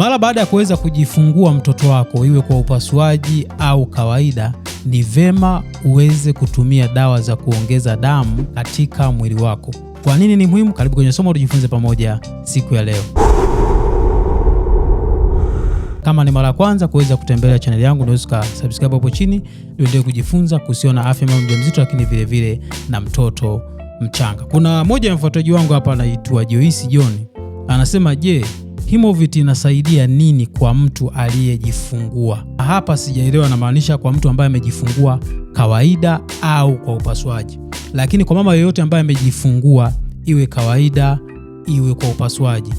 Mara baada ya kuweza kujifungua mtoto wako, iwe kwa upasuaji au kawaida, ni vema uweze kutumia dawa za kuongeza damu katika mwili wako. Kwa nini ni muhimu? Karibu kwenye somo tujifunze pamoja siku ya leo. Kama ni mara ya kwanza kuweza kutembelea chaneli yangu, unaweza ukasubscribe hapo chini uendelee kujifunza kuhusiana na afya mama mjamzito, lakini vile vile na mtoto mchanga. Kuna moja ya mfuataji wangu hapa anaitwa Joyce John anasema, je, Himovit inasaidia nini kwa mtu aliyejifungua? Hapa sijaelewa, namaanisha kwa mtu ambaye amejifungua kawaida au kwa upasuaji, lakini kwa mama yoyote ambaye amejifungua, iwe kawaida iwe kwa upasuaji,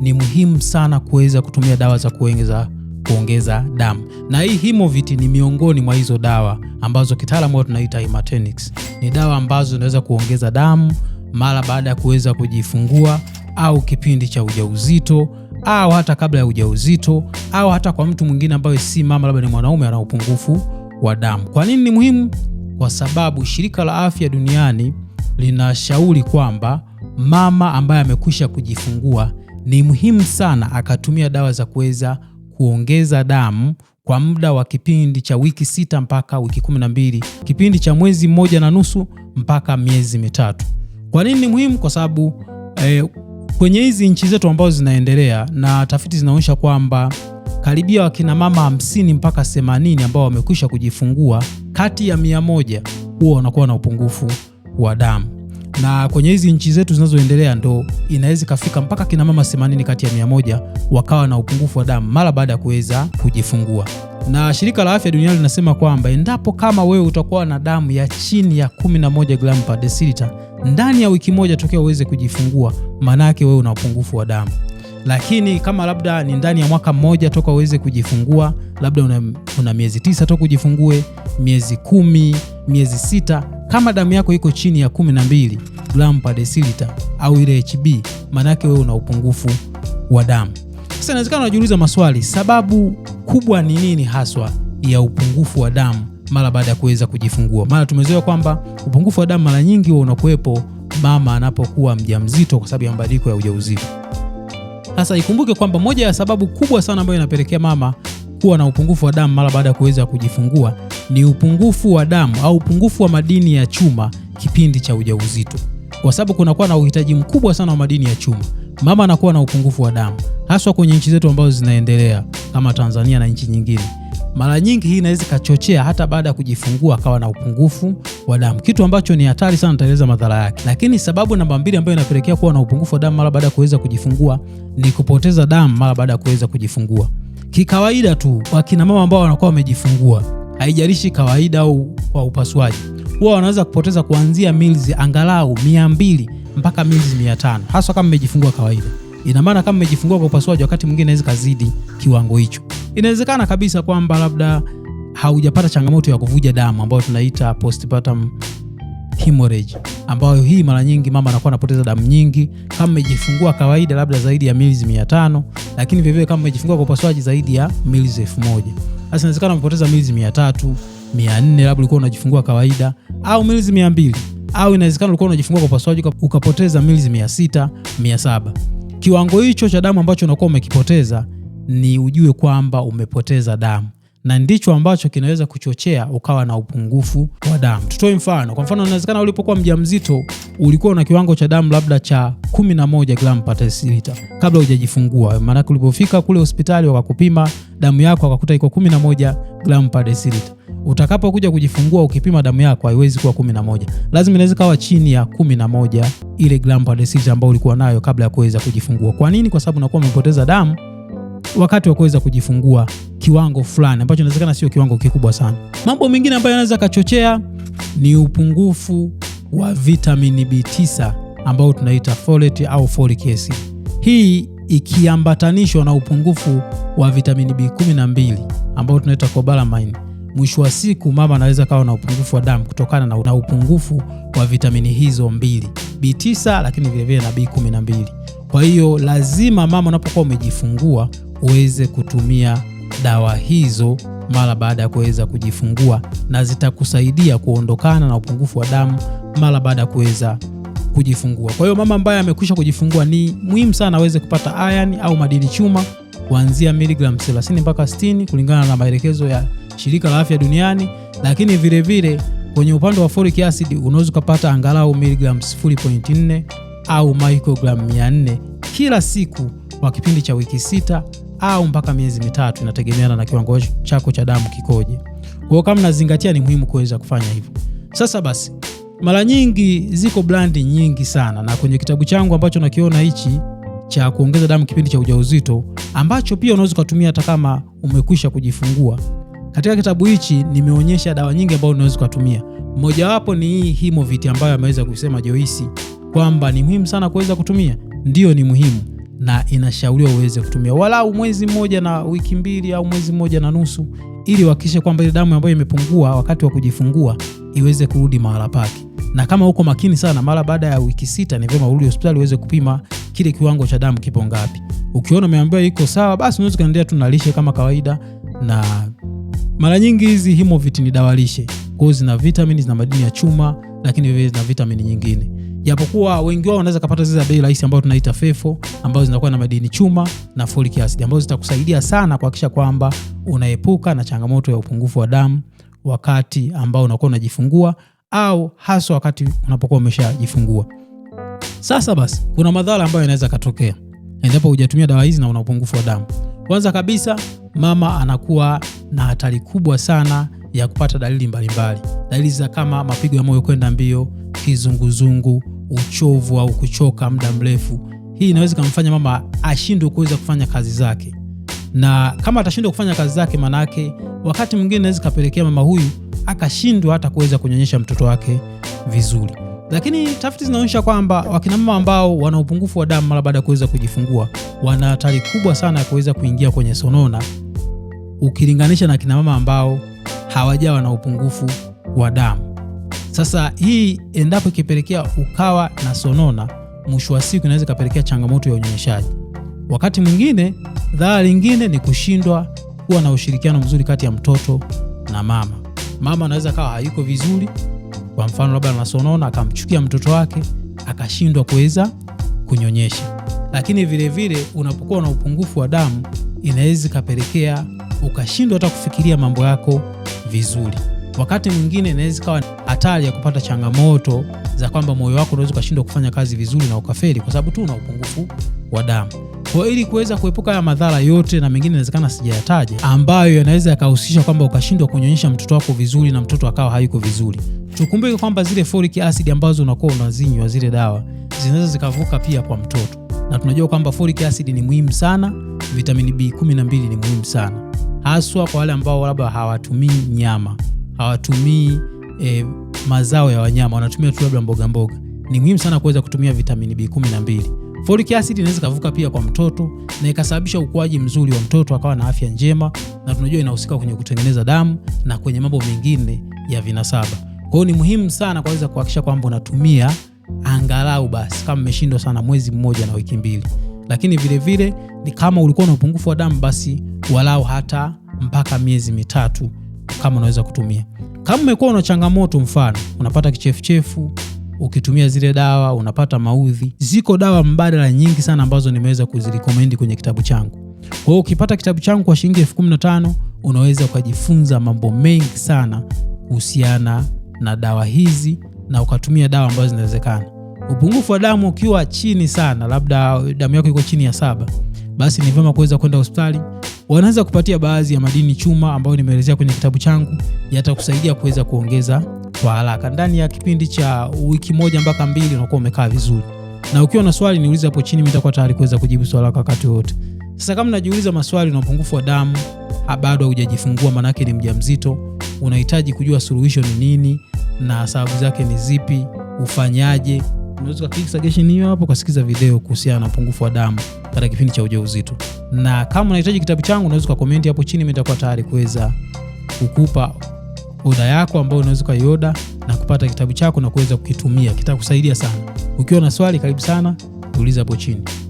ni muhimu sana kuweza kutumia dawa za kuongeza kuongeza damu, na hii Himovit ni miongoni mwa hizo dawa ambazo kitaalamu tunaita Hematenix. Ni dawa ambazo zinaweza kuongeza damu mara baada ya kuweza kujifungua au kipindi cha ujauzito au hata kabla ya ujauzito au hata kwa mtu mwingine ambaye si mama, labda ni mwanaume ana upungufu wa damu. Kwa nini ni muhimu? Kwa sababu shirika la afya duniani linashauri kwamba mama ambaye amekwisha kujifungua ni muhimu sana akatumia dawa za kuweza kuongeza damu kwa muda wa kipindi cha wiki sita mpaka wiki kumi na mbili, kipindi cha mwezi mmoja na nusu mpaka miezi mitatu. Kwa nini ni muhimu? Kwa sababu eh, Kwenye hizi nchi zetu ambazo zinaendelea na tafiti zinaonyesha kwamba karibia wakina mama hamsini mpaka 80 ambao wamekwisha kujifungua kati ya mia moja huwa wanakuwa na upungufu wa damu, na kwenye hizi nchi zetu zinazoendelea ndo inaweza ikafika mpaka kina mama themanini kati ya mia moja wakawa na upungufu wa damu mara baada ya kuweza kujifungua. Na shirika la afya duniani linasema kwamba endapo kama wewe utakuwa na damu ya chini ya 11 gramu per deciliter ndani ya wiki moja tokea uweze kujifungua, maanake wewe una upungufu wa damu. Lakini kama labda ni ndani ya mwaka mmoja toka uweze kujifungua, labda una, una miezi tisa toka ujifungue, miezi kumi, miezi sita, kama damu yako iko chini ya kumi na mbili gramu per deciliter au ile HB, maanake wewe una upungufu wa damu. Sasa inawezekana unajiuliza maswali, sababu kubwa ni nini haswa ya upungufu wa damu mara baada ya kuweza kujifungua. Mara tumezoea kwamba upungufu wa damu mara nyingi huwa unakuwepo mama anapokuwa mjamzito kwa sababu ya mabadiliko ya ujauzito. Sasa ikumbuke kwamba moja ya sababu kubwa sana ambayo inapelekea mama kuwa na upungufu wa damu mara baada ya kuweza kujifungua ni upungufu wa damu au upungufu wa madini ya chuma kipindi cha ujauzito, kwa sababu kunakuwa na uhitaji mkubwa sana wa madini ya chuma. Mama anakuwa na upungufu wa damu, haswa kwenye nchi zetu ambazo zinaendelea kama Tanzania na nchi nyingine. Mara nyingi hii inaweza ikachochea hata baada ya kujifungua akawa na upungufu wa damu, kitu ambacho ni hatari sana, nitaeleza madhara yake. Lakini sababu namba mbili ambayo inapelekea kuwa na upungufu wa damu mara baada ya kuweza kujifungua ni kupoteza damu mara baada ya kuweza kujifungua. Kikawaida tu wakina mama ambao wanakuwa wamejifungua, haijalishi kawaida au kwa upasuaji, huwa wanaweza kupoteza kuanzia milizi angalau mbili mpaka mia tano haswa kama mmejifungua kawaida. Ina maana kama mmejifungua kwa upasuaji, wakati mwingine inaweza kazidi kiwango hicho inawezekana kabisa kwamba labda haujapata changamoto ya kuvuja damu ambayo tunaita postpartum hemorrhage, ambayo hii mara nyingi mama anakuwa anapoteza damu nyingi kama amejifungua kawaida labda zaidi ya milizi mia tano, lakini vivyo kama amejifungua kwa upasuaji zaidi ya milizi elfu moja. Sasa inawezekana umepoteza milizi mia tatu, mia nne, labda ulikuwa unajifungua kawaida au milizi mia mbili au inawezekana ulikuwa unajifungua kwa upasuaji ukapoteza milizi mia sita, mia saba. Kiwango hicho cha damu ambacho unakuwa umekipoteza ni ujue kwamba umepoteza damu na ndicho ambacho kinaweza kuchochea ukawa na upungufu wa damu. Tutoe mfano. Kwa mfano, inawezekana ulipokuwa mjamzito ulikuwa na kiwango cha damu labda cha 11 gramu per deciliter kabla hujajifungua. Maana ulipofika kule hospitali wakakupima damu yako wakakuta iko 11 gramu per deciliter. Utakapokuja kujifungua ukipima damu yako haiwezi kuwa 11. Lazima inaweza kawa chini ya 11 ile gramu per deciliter ambayo ulikuwa nayo kabla ya kuweza kujifungua. Kwa nini? Kwa sababu unakuwa umepoteza damu wakati wa kuweza kujifungua kiwango fulani ambacho inawezekana sio kiwango kikubwa sana. Mambo mengine ambayo yanaweza kachochea ni upungufu wa vitamini B9 ambao tunaita folate au folic acid. Hii ikiambatanishwa na upungufu wa vitamini B12 ambao tunaita cobalamin, mwisho wa siku mama anaweza kawa na upungufu wa damu kutokana na upungufu wa vitamini hizo mbili, B9 lakini vilevile na B12. Kwa hiyo lazima mama unapokuwa umejifungua uweze kutumia dawa hizo mara baada ya kuweza kujifungua, na zitakusaidia kuondokana na upungufu wa damu mara baada ya kuweza kujifungua. Kwa hiyo mama ambaye amekwisha kujifungua ni muhimu sana aweze kupata iron au madini chuma kuanzia miligram 30 mpaka 60 kulingana na maelekezo ya Shirika la Afya Duniani, lakini vilevile vile, kwenye upande wa folic acid unaweza ukapata angalau miligram 0.4 au microgram 400 kila siku kwa kipindi cha wiki sita au mpaka miezi mitatu, inategemeana na kiwango chako cha damu kikoje. Kwa kama nazingatia, ni muhimu kuweza kufanya hivyo. Sasa basi, mara nyingi ziko blandi nyingi sana, na kwenye kitabu changu ambacho nakiona hichi cha kuongeza damu kipindi cha ujauzito, ambacho pia unaweza ukatumia hata kama umekwisha kujifungua. Katika kitabu hichi nimeonyesha dawa nyingi ambazo unaweza ukatumia, mojawapo ni hii Hemovit ambayo ameweza kusema Joyce kwamba ni muhimu sana kuweza kutumia. Ndiyo, ni muhimu na inashauriwa uweze kutumia walau mwezi mmoja na wiki mbili au mwezi mmoja na nusu, ili uhakikishe kwamba ile damu ambayo imepungua wakati wa kujifungua iweze kurudi mahala pake. Na kama uko makini sana, mara baada ya wiki sita ni vyema urudi hospitali uweze kupima kile kiwango cha damu kipo ngapi. Ukiona umeambiwa iko sawa, basi unaweza kuendelea tu na lishe kama kawaida. Na mara nyingi hizi Hemovit ni dawa lishe, kwa hiyo zina vitamini, zina madini ya chuma, lakini vile zina vitamini nyingine japokuwa wengi wao wanaweza kupata zile za bei rahisi ambazo tunaita fefo ambazo zinakuwa na madini chuma na folic acid ambazo zitakusaidia sana kuhakikisha kwamba unaepuka na changamoto ya upungufu wa damu wakati ambao unakuwa unajifungua au hasa wakati unapokuwa umeshajifungua. Sasa basi, kuna madhara ambayo yanaweza katokea endapo hujatumia dawa hizi na una upungufu wa damu. Kwanza kabisa, mama anakuwa na hatari kubwa sana ya kupata dalili mbalimbali, dalili za kama mapigo ya moyo kwenda mbio, kizunguzungu uchovu au kuchoka muda mrefu, hii inaweza ikamfanya mama ashindwe kuweza kufanya kazi zake, na kama atashindwa kufanya kazi zake, maana yake wakati mwingine inaweza ikapelekea mama huyu akashindwa hata kuweza kunyonyesha mtoto wake vizuri. Lakini tafiti zinaonyesha kwamba wakina mama ambao wana upungufu wa damu mara baada ya kuweza kujifungua wana hatari kubwa sana ya kuweza kuingia kwenye sonona ukilinganisha na kina mama ambao hawajawa na upungufu wa damu. Sasa hii endapo ikipelekea ukawa na sonona, mwisho wa siku inaweza ikapelekea changamoto ya unyonyeshaji. Wakati mwingine dhara lingine ni kushindwa kuwa na ushirikiano mzuri kati ya mtoto na mama. Mama anaweza kawa hayuko vizuri, kwa mfano labda anasonona, akamchukia mtoto wake, akashindwa kuweza kunyonyesha. Lakini vilevile unapokuwa na upungufu wa damu, inaweza ikapelekea ukashindwa hata kufikiria mambo yako vizuri. Wakati mwingine inaweza ikawa hatari ya kupata changamoto za kwamba moyo wako unaweza ukashindwa kufanya kazi vizuri na ukafeli kwa sababu tu una upungufu wa damu. Kwa ili kuweza kuepuka haya madhara yote na mengine inawezekana sijayataja, ambayo yanaweza yakahusisha kwamba ukashindwa kunyonyesha mtoto wako vizuri na mtoto akawa hayuko vizuri, tukumbuke kwamba zile folic acid ambazo unakuwa unazinywa zile dawa zinaweza zikavuka pia kwa mtoto, na tunajua kwamba folic acid ni muhimu sana, vitamini B12 ni muhimu sana, haswa kwa wale ambao labda hawatumii nyama, hawatumii eh, mazao ya wanyama, wanatumia tu labda mboga mboga, ni muhimu sana kuweza kutumia vitamini B12. Folic acid inaweza kavuka pia kwa mtoto na ikasababisha ukuaji mzuri wa mtoto akawa na afya njema, na tunajua inahusika kwenye kutengeneza damu na kwenye mambo mengine ya vinasaba. Kwa hiyo ni muhimu sana kuweza kuhakikisha kwamba unatumia angalau basi, kama umeshindwa sana, mwezi mmoja na wiki mbili, lakini vilevile ni kama ulikuwa na upungufu wa damu, basi walau hata mpaka miezi mitatu kama unaweza kutumia. Kama umekuwa una changamoto, mfano unapata kichefuchefu ukitumia zile dawa unapata maudhi, ziko dawa mbadala nyingi sana ambazo nimeweza kuzirekomendi kwenye kitabu changu. Kwa hiyo ukipata kitabu changu kwa shilingi elfu kumi na tano unaweza ukajifunza mambo mengi sana kuhusiana na dawa hizi na ukatumia dawa ambazo zinawezekana. Upungufu wa damu ukiwa chini sana, labda damu yako iko chini ya saba, basi ni vyema kuweza kwenda hospitali Wanaweza kupatia baadhi ya madini chuma ambayo nimeelezea kwenye kitabu changu, yatakusaidia kuweza kuongeza kwa haraka. Ndani ya kipindi cha wiki moja mpaka mbili unakuwa umekaa vizuri, na ukiwa na swali niulize hapo chini, mitakuwa tayari kuweza kujibu swali lako wakati wote. Sasa kama unajiuliza maswali, una upungufu wa damu, bado haujajifungua, manake ni mjamzito, unahitaji kujua suluhisho ni nini na sababu zake ni zipi, ufanyaje unaweza kuklik suggestion hiyo hapo ukasikiza video kuhusiana na upungufu wa damu katika kipindi cha ujauzito. Na kama unahitaji kitabu changu, unaweza ukakomenti hapo chini, mimi nitakuwa tayari kuweza kukupa oda yako ambayo unaweza ukaioda na kupata kitabu chako na kuweza kukitumia. Kitakusaidia sana. Ukiwa na swali, karibu sana, uliza hapo chini.